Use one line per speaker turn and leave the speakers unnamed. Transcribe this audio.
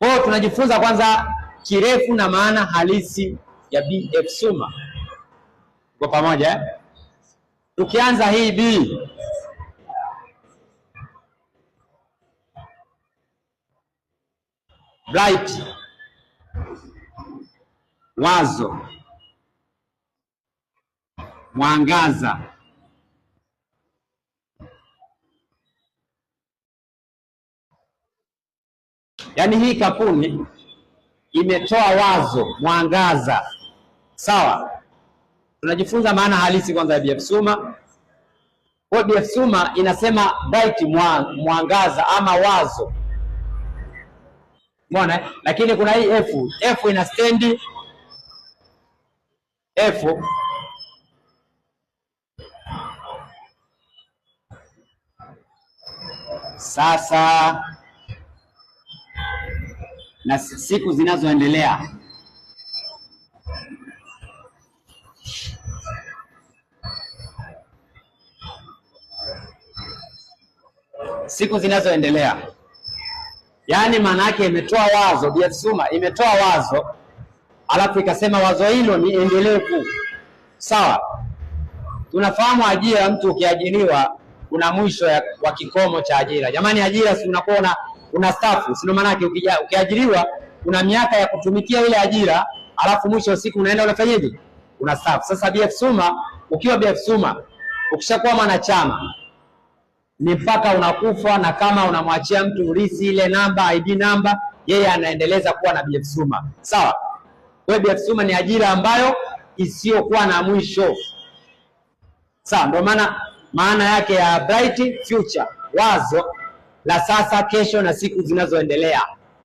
Kwa hiyo tunajifunza kwanza kirefu na maana halisi ya BF Suma kwa pamoja eh? Tukianza hii B Bright wazo mwangaza Yaani hii kampuni imetoa wazo, mwangaza. Sawa, tunajifunza maana halisi kwanza ya BF Suma. Kwa BF Suma inasema bright, mwangaza ama wazo, umeona. Lakini kuna hii F, F ina stendi F sasa na siku zinazoendelea. Siku zinazoendelea, yaani maana yake imetoa wazo, BF imetoa wazo alafu ikasema wazo hilo ni endelevu. Sawa, tunafahamu ajira, mtu ukiajiriwa kuna mwisho wa kikomo cha ajira. Jamani, ajira si unakuwa una stafu, sio Maana yake ukiajiriwa una miaka ya kutumikia ile ajira, alafu mwisho wa siku unaenda unafanyaje? stafu. Sasa BF Suma, ukiwa BF Suma ukishakuwa mwanachama ni mpaka unakufa, na kama unamwachia mtu urithi ile namba ID namba, yeye anaendeleza kuwa na BF Suma, sawa? Wewe BF Suma ni ajira ambayo isiyokuwa na mwisho, sawa? Ndio maana maana yake ya bright future, wazo la sasa, kesho na siku zinazoendelea.